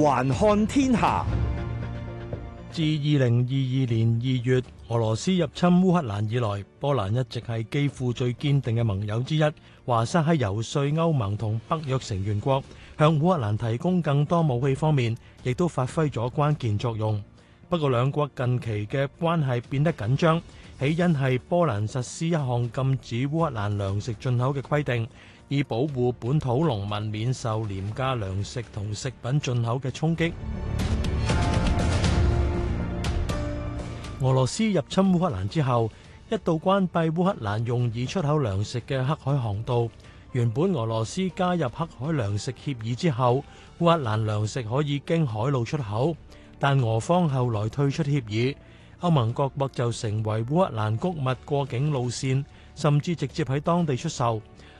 環看天下。自二零二二年二月俄羅斯入侵烏克蘭以來，波蘭一直係基輔最堅定嘅盟友之一。華沙喺遊說歐盟同北約成員國向烏克蘭提供更多武器方面，亦都發揮咗關鍵作用。不過，兩國近期嘅關係變得緊張，起因係波蘭實施一項禁止烏克蘭糧食進口嘅規定，以保護本土農民免受廉價糧食同食品進口嘅衝擊。俄羅斯入侵烏克蘭之後，一度關閉烏克蘭用以出口糧食嘅黑海航道。原本俄羅斯加入黑海糧食協議之後，烏克蘭糧食可以經海路出口，但俄方後來退出協議，歐盟各國就成為烏克蘭穀物過境路線，甚至直接喺當地出售。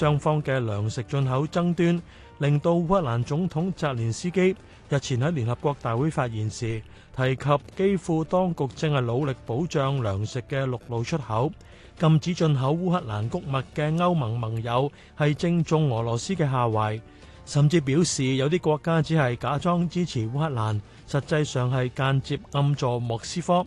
雙方嘅糧食進口爭端，令到烏克蘭總統澤連斯基日前喺聯合國大會發言時，提及基輔當局正係努力保障糧食嘅陸路出口，禁止進口烏克蘭穀物嘅歐盟盟友係正中俄羅斯嘅下懷，甚至表示有啲國家只係假裝支持烏克蘭，實際上係間接暗助莫斯科。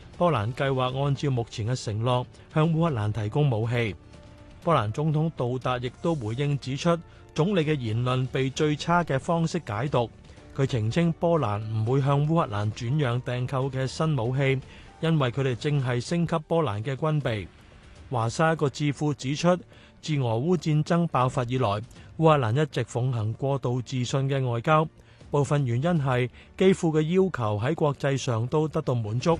波蘭計劃按照目前嘅承諾向烏克蘭提供武器。波蘭總統杜達亦都回應指出，總理嘅言論被最差嘅方式解讀。佢澄清波蘭唔會向烏克蘭轉讓訂購嘅新武器，因為佢哋正係升級波蘭嘅軍備。華沙一個智庫指出，自俄烏戰爭爆發以來，烏克蘭一直奉行過度自信嘅外交，部分原因係基輔嘅要求喺國際上都得到滿足。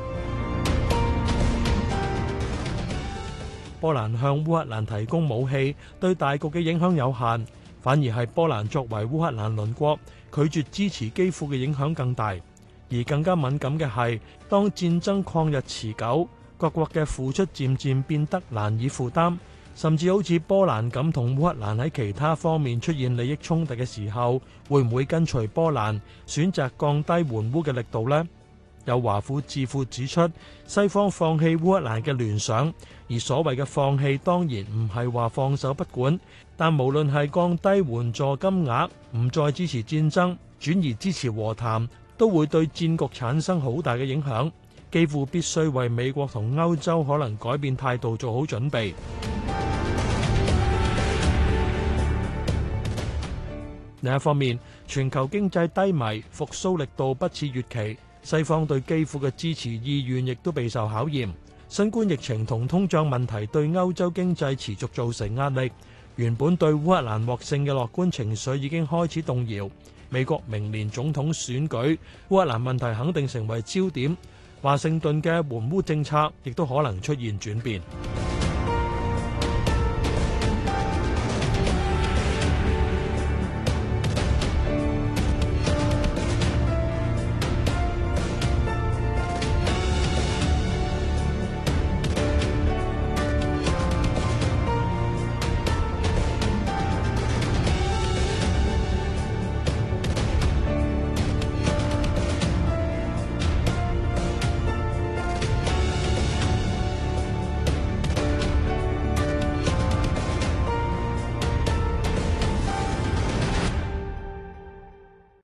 波蘭向烏克蘭提供武器，對大局嘅影響有限，反而係波蘭作為烏克蘭鄰國，拒絕支持基輔嘅影響更大。而更加敏感嘅係，當戰爭曠日持久，各國嘅付出漸漸變得難以負擔，甚至好似波蘭咁同烏克蘭喺其他方面出現利益衝突嘅時候，會唔會跟隨波蘭選擇降低援烏嘅力度咧？有華府智庫指出，西方放棄烏克蘭嘅聯想，而所謂嘅放棄當然唔係話放手不管，但無論係降低援助金額、唔再支持戰爭、轉而支持和談，都會對戰局產生好大嘅影響，基輔必須為美國同歐洲可能改變態度做好準備。另一方面，全球經濟低迷，復蘇力度不似預期。西方對基輔嘅支持意願亦都備受考驗，新冠疫情同通脹問題對歐洲經濟持續造成壓力。原本對烏克蘭獲勝嘅樂觀情緒已經開始動搖。美國明年總統選舉，烏克蘭問題肯定成為焦點。華盛頓嘅援烏政策亦都可能出現轉變。